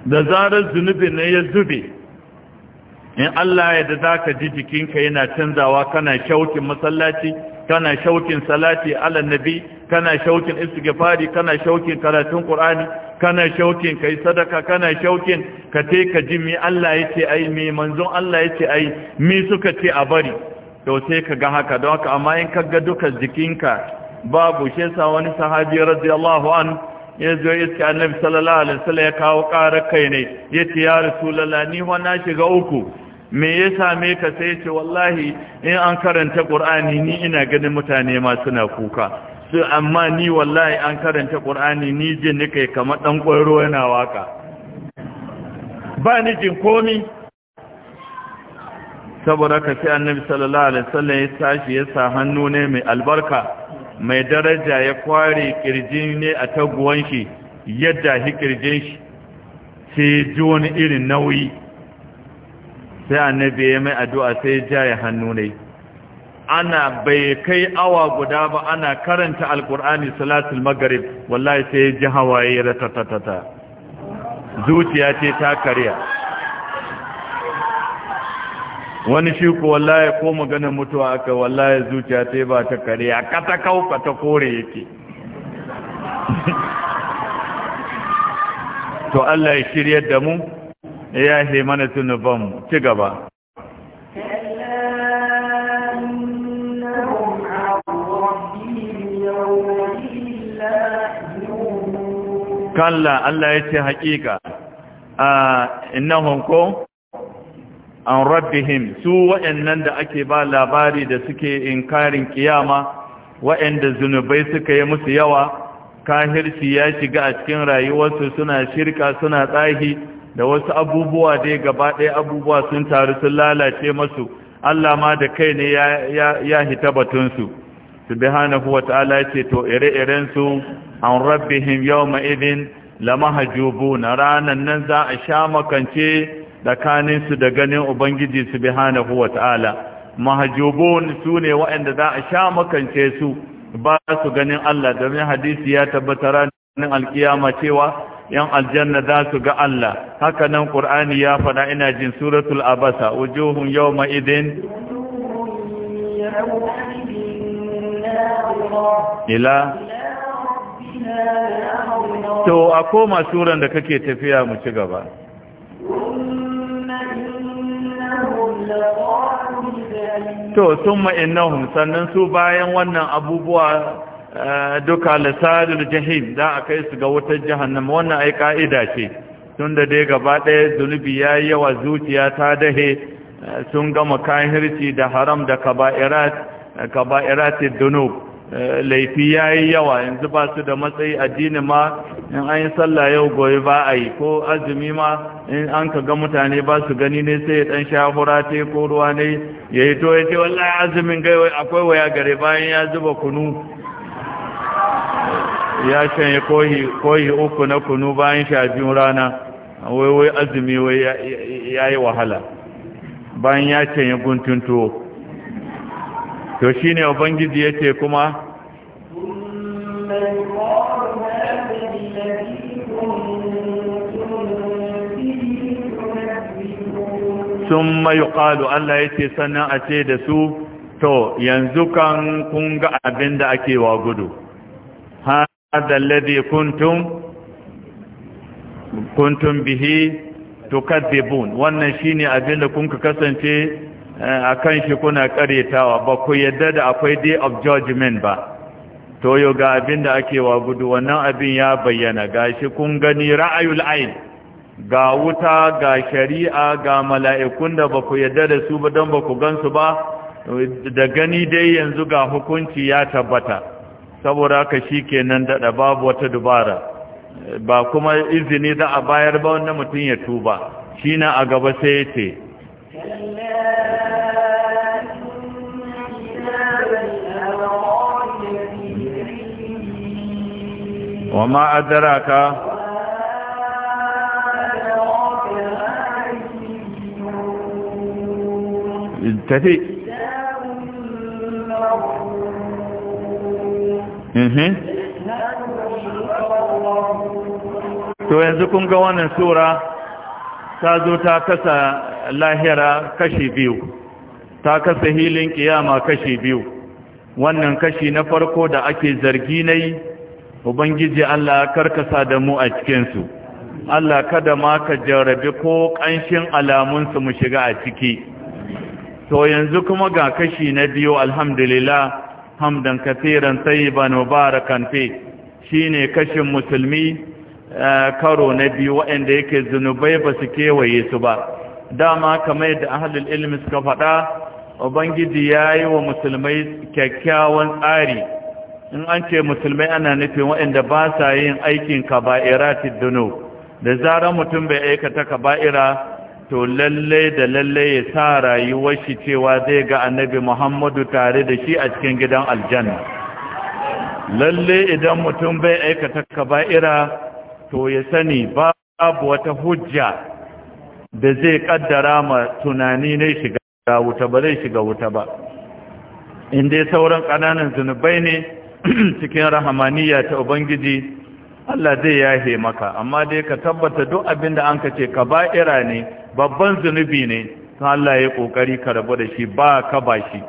Speaker 2: da zarar zunubi ne ya zube in Allah ya da zaka ji jikinka yana canzawa kana shaukin masallaci kana shaukin salati ala nabi kana shaukin istighfari kana shaukin karatun qur'ani kana shaukin kai sadaka kana shaukin ka te ka ji mi Allah yace ai mi manzon Allah yace ai mi suka ce a bari to sai ka ga haka don haka amma in kaga duka jikinka babu shi sa wani sahabi radiyallahu an ya zo iska annabi sallallahu alaihi wasallam ya kawo ƙarar kai ne yace ya rasulullahi ni wa shiga uku me ya same ka sai ce wallahi in an karanta ƙur'ani ni ina ganin mutane ma suna kuka sai amma ni wallahi an karanta ƙur'ani ni jin yi, kamar ɗan kwairo yana waka ba ni jin komi saboda ka sai annabi sallallahu alaihi wasallam ya tashi ya sa hannu ne mai albarka mai daraja ya kware kirjin ne a taguwan shi yadda hikirjin shi sai ji wani irin nauyi sai annabi ya mai addu'a sai jaye hannu ne ana bai kai awa guda ba ana karanta alkur'ani salatul maghrib wallahi sai ya ji hawaye ratatatata zuciya ce ta karya wani shi ko wallahi ko magana mutuwa aka wallahi zuciya ce ba ta karya kata kauka ta kore yake to Allah ya shiryar da mu ya yafe mana tunubanmu ci gaba kalla Allah ya ce haƙiƙa a innahum ko an rabbihim su waɗannan da ake ba labari da suke inkarin kiyama waɗanda zunubai suka yi musu yawa kahirci ya shiga a cikin rayuwarsu suna shirka suna tsahi da wasu abubuwa dai gaba ɗaya abubuwa sun taru sun lalace masu Allah ma da kai ne ya hita batunsu subhanahu wa ta'ala ce to ire-irensu an rabbihim lama hajjubu na ranar nan za a sha makance tsakaninsu da ganin ubangiji subhanahu wa ta'ala su ne waɗanda za a sha makance su ba su ganin Allah domin hadisi ya tabbatar ranar alkiyama cewa yan aljanna za su ga Allah haka nan Qur'ani ya fada ina jin suratul abasa wujuhun yawma idin ila to a koma suran da kake tafiya mu ci gaba to sun ma'inahun sannan su bayan wannan abubuwa Eh, duka lisadul jahim da a kai su ga wutar jahannama wannan ai ka'ida ce tun da dai gaba ɗaya zunubi ya yi yawa zuciya ta dahe eh, sun gama kahirci da haram da kaba'irat eh, dunub laifi ya yi yawa yanzu ba su da matsayi addini ma in an yi sallah yau goyi ba a yi ko azumi ma in an ka ga mutane ba su gani ne sai ya ɗan shahura ta te ko ruwa ne ya yi to ya ce wallahi azumin gaiwai akwai waya gare bayan ya zuba kunu ya shanye kohi uku na kunu bayan shafin rana wai wai azumi wai ya yi wahala bayan ya shanye guntun tuwo to shi ne ubangiji ya ce kuma sun mayu ƙalu Allah ya ce sannan a ce da su to yanzu kan kunga ga abin da ake wa gudu هذا الذي كنتم كنتم به تكذبون wannan shine abin da kun kasance akan shi kuna karetawa ba ku yadda da akwai day of judgment ba to yo ga abin da ake wa gudu wannan abin ya bayyana ga shi kun gani ra'ayul ayn ga wuta ga shari'a ga mala'ikun da ba ku yadda da su ba don ba ku gansu ba da gani dai yanzu ga hukunci ya tabbata saboda ke nan daɗa babu wata dubara ba kuma izini za a bayar ba wanda mutum ya tuba shi na a gaba sai yace wama وما أدراك تفي Mhm. to yanzu kun ga wannan sura ta zo ta kasa lahira kashi biyu ta kasa hilin kiyama kashi biyu wannan kashi na farko da ake zargi na yi ubangiji Allah karkasa da mu a cikinsu Allah kada ma ka jarabi ko ƙanshin alamunsu mu shiga a ciki to yanzu kuma ga kashi na biyu alhamdulillah hamdan kafiran tayyiban mubarakan fi shine kashin musulmi eh, karo na biyu waɗanda yake zunubai ba su kewaye su ba dama kamar yadda ahlul ilmi suka faɗa ubangiji ya yi wa musulmai kyakkyawan tsari in an ce musulmai ana nufin waɗanda ba sa yin aikin kaba'iratid dunub da zarar mutum bai aikata kaba'ira to lalle da lalle ya sa rayuwar shi cewa zai ga annabi Muhammadu tare da shi a cikin gidan aljanna lalle idan mutum bai aikata kaba'ira to ya sani babu wata hujja da zai kaddara ma tunani ne shiga wuta ba zai shiga wuta ba Inda sauran ƙananan zunubai ne cikin rahamaniya ta ubangiji Allah zai yahe maka amma dai ka tabbata duk abin da an ka ce kaba'ira ne babban zunubi ne to Allah ya kokari ka rabu da shi ba ka ba shi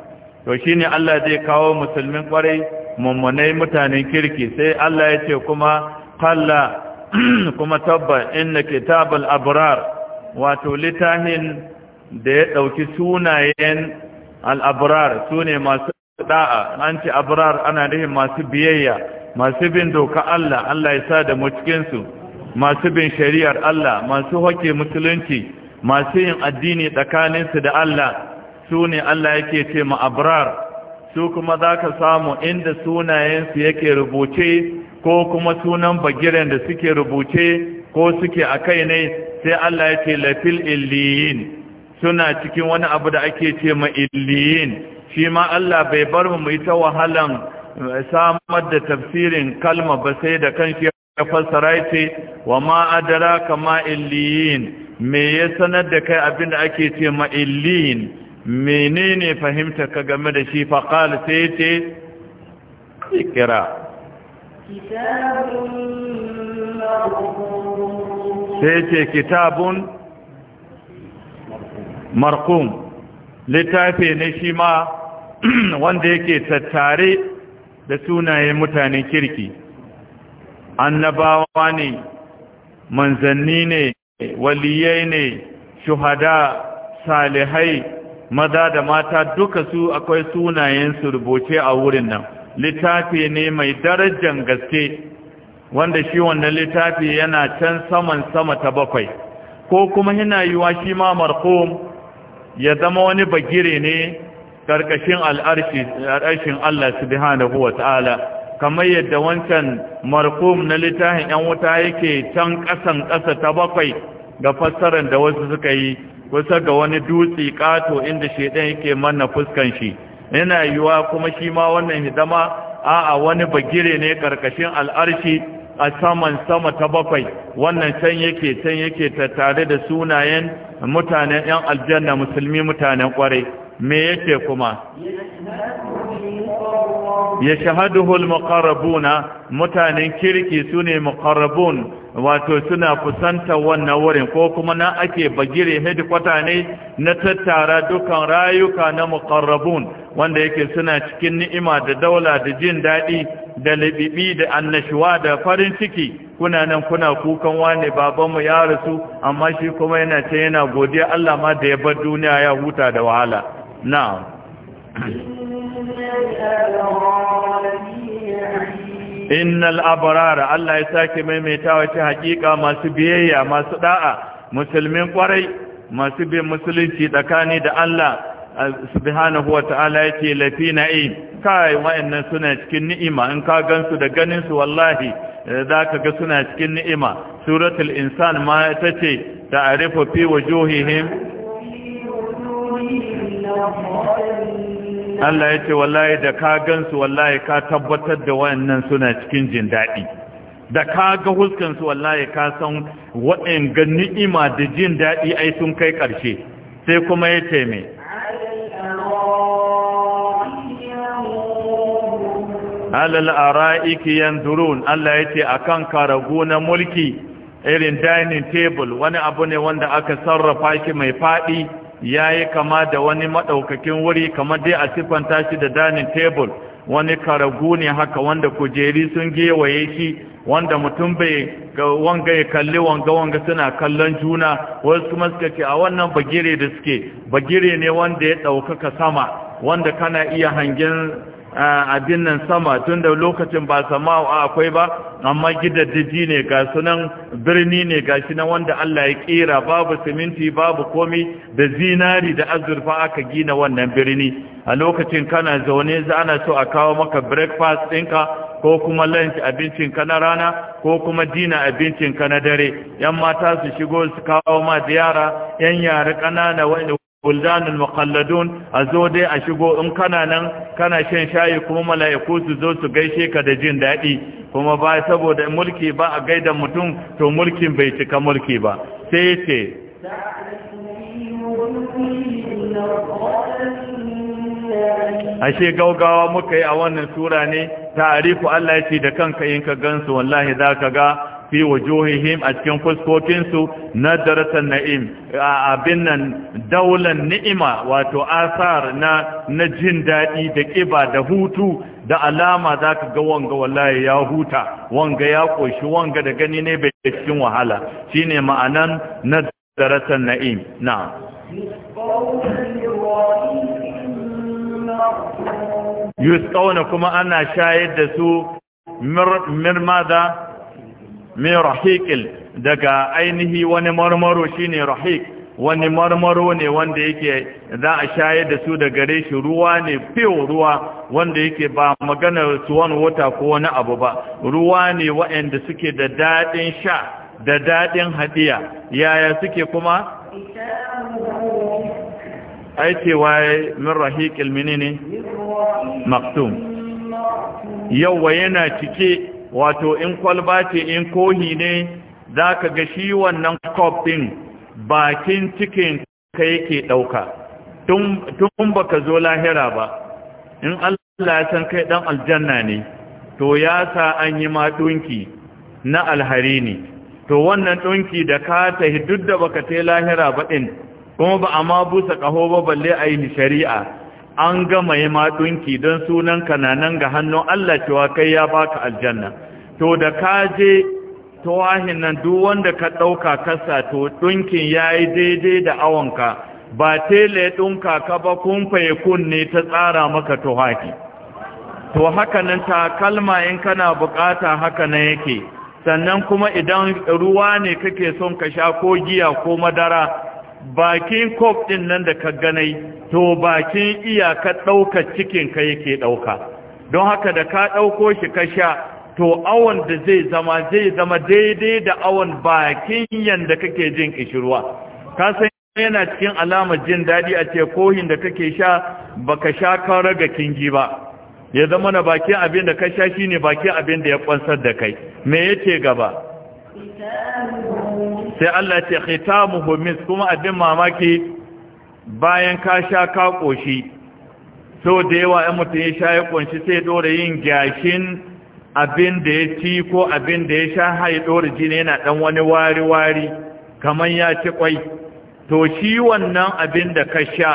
Speaker 2: to shine Allah zai kawo musulmin kwarai mummunai mutanen kirki sai Allah ya ce kuma qalla kuma tabba inna kitabal abrar wato litahin da ya dauki sunayen al abrar sune masu da'a an ce abrar ana nufin masu biyayya masu bin doka Allah Allah ya sa da mu masu bin shari'ar Allah masu hoke musulunci masu yin addini tsakaninsu da Allah su ne Allah yake ce ma abrar su kuma za ka samu inda sunayensu yake rubuce ko kuma sunan bagiren da suke rubuce ko suke a kai ne sai Allah ya ce lafil illiyin suna cikin wani abu da ake ce ma illiyin shi ma Allah bai bar mu yi ta wahalan samar da tafsirin kalma ba sai da kanshi ya fassara ce wa ma adraka ma illiyin me ya sanar da kai abinda ake ce ma illiyin menene fahimta ka game da shi fa qala sai sai ce kitabun markun littafi ne shi ma wanda yake tattare da sunayen mutanen kirki annabawa ne manzanni ne waliyai ne shuhada salihai maza da mata duka su akwai sunayen su rubuce a wurin nan littafi ne mai darajar gaske wanda shi wannan littafi yana can saman sama ta bakwai ko kuma yana yiwa shi ma marhum ya zama wani bagire ne karkashin al'arshin Allah subhanahu wa ta'ala kamar yadda wancan markum na littafin ‘yan wuta yake can ƙasan ƙasa ta bakwai ga fassarar da wasu suka yi kusa ga wani dutse ƙato inda shaidan yake manna fuskan shi yana yiwuwa kuma shi ma wannan hidama a'a wani bagire ne karkashin al'arshi a saman sama ta bakwai wannan can yake can yake tattare da sunayen mutanen ‘yan aljanna musulmi mutanen ƙwarai me yake kuma ya al muqarrabuna mutanen kirki sune muqarrabun wato suna fusanta wannan wurin ko kuma na ake bagire hedikwata ne na tattara dukan rayuka na muqarrabun wanda yake suna cikin ni'ima da daula da jin daɗi da libibi da annashuwa da farin ciki kuna nan kuna kukan wane babanmu ya rasu amma shi kuma yana ce yana godiya Allah ma da ya bar duniya ya huta da wahala na'am innal abrara Allah ya sake maimaita wata hakika masu biyayya masu da'a musulmin kwarai masu bin musulunci tsakani da Allah subhanahu wata'ala yake lafi na'im kai suna cikin ni'ima in ka gansu da ganin su wallahi zaka ga suna cikin ni'ima suratul insan ma a ta'rifu fi wujuhihim Allah ya ce wallahi da ka gansu wallahi ka tabbatar da wayannan suna cikin jin daɗi da ka ga huskansu wallahi ka san waɗanga ni'ima da jin daɗi ai sun kai ƙarshe sai kuma ya ce me alal ara'iki yanzurun Allah ya ce akan karago na mulki irin dining table wani abu ne wanda aka sarrafa shi mai faɗi ya yi kama da wani maɗaukakin wuri kamar dai a siffanta shi da dining table wani karagu ne haka wanda kujeri sun gewaye shi wanda mutum bai wanga ya kalli wanga wanga suna kallon juna wasu kuma suka ce a wannan bagire da suke bagire ne wanda ya ɗaukaka sama wanda kana iya hangen abin nan sama tun da lokacin ba sama akwai ba amma gidaddiji ne ga sunan birni ne ga shi na wanda Allah ya kera babu siminti babu komi da zinari da azurfa aka gina wannan birni a lokacin kana zaune za ana so a kawo maka breakfast ɗinka ko kuma lunch ka na rana ko kuma dina abincin ka na dare yan mata su shigo su kawo ma da yara yan yara kanana. wani buldanul muqalladun a zo dai a shigo in kana nan kana shan shayi kuma mala'iku su zo su gaishe ka da jin daɗi kuma ba saboda mulki ba a gaida mutum to mulkin bai cika mulki ba sai ce ashe gaugawa muka yi a wannan sura ne ta'arifu Allah yace da kanka in ka gansu wallahi za ka ga fi wujuhihim a cikin fuskokinsu na daratan na'im abin nan daulan ni'ima wato asar na na jin daɗi da ƙiba da hutu da alama za ka ga wanga wallahi ya huta wanga ya ƙoshi wanga da gani ne bai cikin wahala shine ma'anan na daratan na'im na yusqawna kuma ana shayar da su mir min rahiqil daga ainihi wani marmaro shine rahiq wani marmaro ne wanda yake za a shaye da su da gare shi ruwa ne fiyo ruwa wanda yake ba magana su tuwon wata ko wani abu ba ruwa ne waɗanda suke da daɗin sha da daɗin haɗiya yaya suke kuma aiki waye min rahiqil minini? maktum wa yana cike wato in kwalba ce in kohi ne za ka ga shi wannan kofin ɗin bakin cikin ka yake ɗauka tun ba ka zo lahira ba in Allah ya san kai ɗan aljanna ne to ya sa an yi ma ɗunki na alhari ne to wannan ɗunki da ka ta duk da ba ka ta lahira ba ɗin kuma ba a ma busa ƙaho ba balle a yi shari'a an gama yi matunki don sunan kananan ga hannun Allah cewa kai ya baka aljanna to da ka je tawahin nan duk wanda ka ɗauka kasa to ɗunkin ya yi daidai da awonka ba tele ɗunka ka ba kun kunne ta tsara maka tawaki to haka nan kalma in kana bukata haka nan yake sannan kuma idan ruwa ne kake son ka sha ko giya ko madara bakin kof ɗin nan da ka ganai to bakin iyaka ɗaukar cikinka yake ɗauka don haka da ka ɗauko shi ka sha to awon da zai zama zai zama daidai da awon bakin yanda kake jin kishirwa ka san yana cikin alama jin daɗi a ce kohin da kake sha baka sha ka raga kingi ba ya zama na bakin abin da ka sha shine bakin abin da ya kwansar da kai me yace gaba sai Allah ce khitamuhu mis kuma abin mamaki bayan ka sha ka koshi so da yawa ɗan mutum ya sha ya kunshi sai dora yin gashin abin da ya ci ko abin da ya sha ya dora jini yana ɗan wani wari wari kaman ya ci kwai to shi wannan abin da ka sha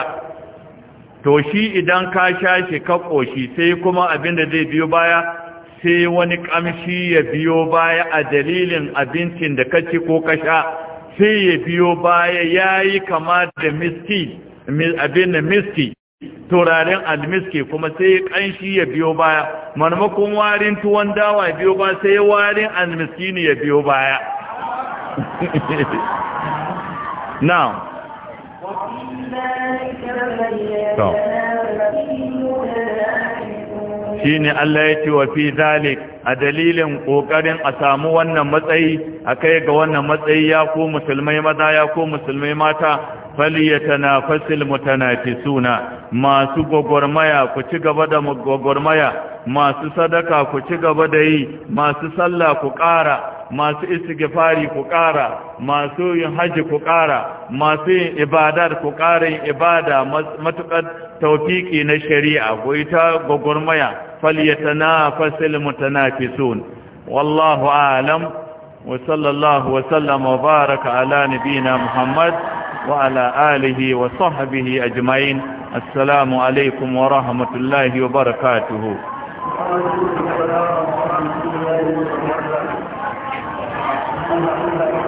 Speaker 2: to shi idan ka sha shi ka koshi sai kuma abin da zai biyo baya sai wani ƙamshi ya biyo baya a dalilin abincin da kaci ko kasha sai ya biyo baya yayi kama da miski abin da miski turaren almiski kuma sai kanshi ya biyo baya manamakon warin tuwon dawa ya biyo baya sai warin almiski ne ya biyo baya now shine Allah ya ce wa fi zalik a dalilin kokarin a samu wannan matsayi a kai ga wannan matsayi ya ko musulmai maza ya ko musulmai mata falyatanafasil mutanafisuna masu gogormaya ku ci gaba da gogormaya masu sadaka ku ci gaba da yi masu sallah ku ƙara masu istighfari ku ƙara masu yin haji ku ƙara masu yin ibadar ku ƙara yin ibada matukar tawfiki na shari'a ku ita gogormaya فليتنافس المتنافسون والله أعلم وصلى الله وسلم وبارك على نبينا محمد وعلى آله وصحبه أجمعين السلام عليكم ورحمة الله وبركاته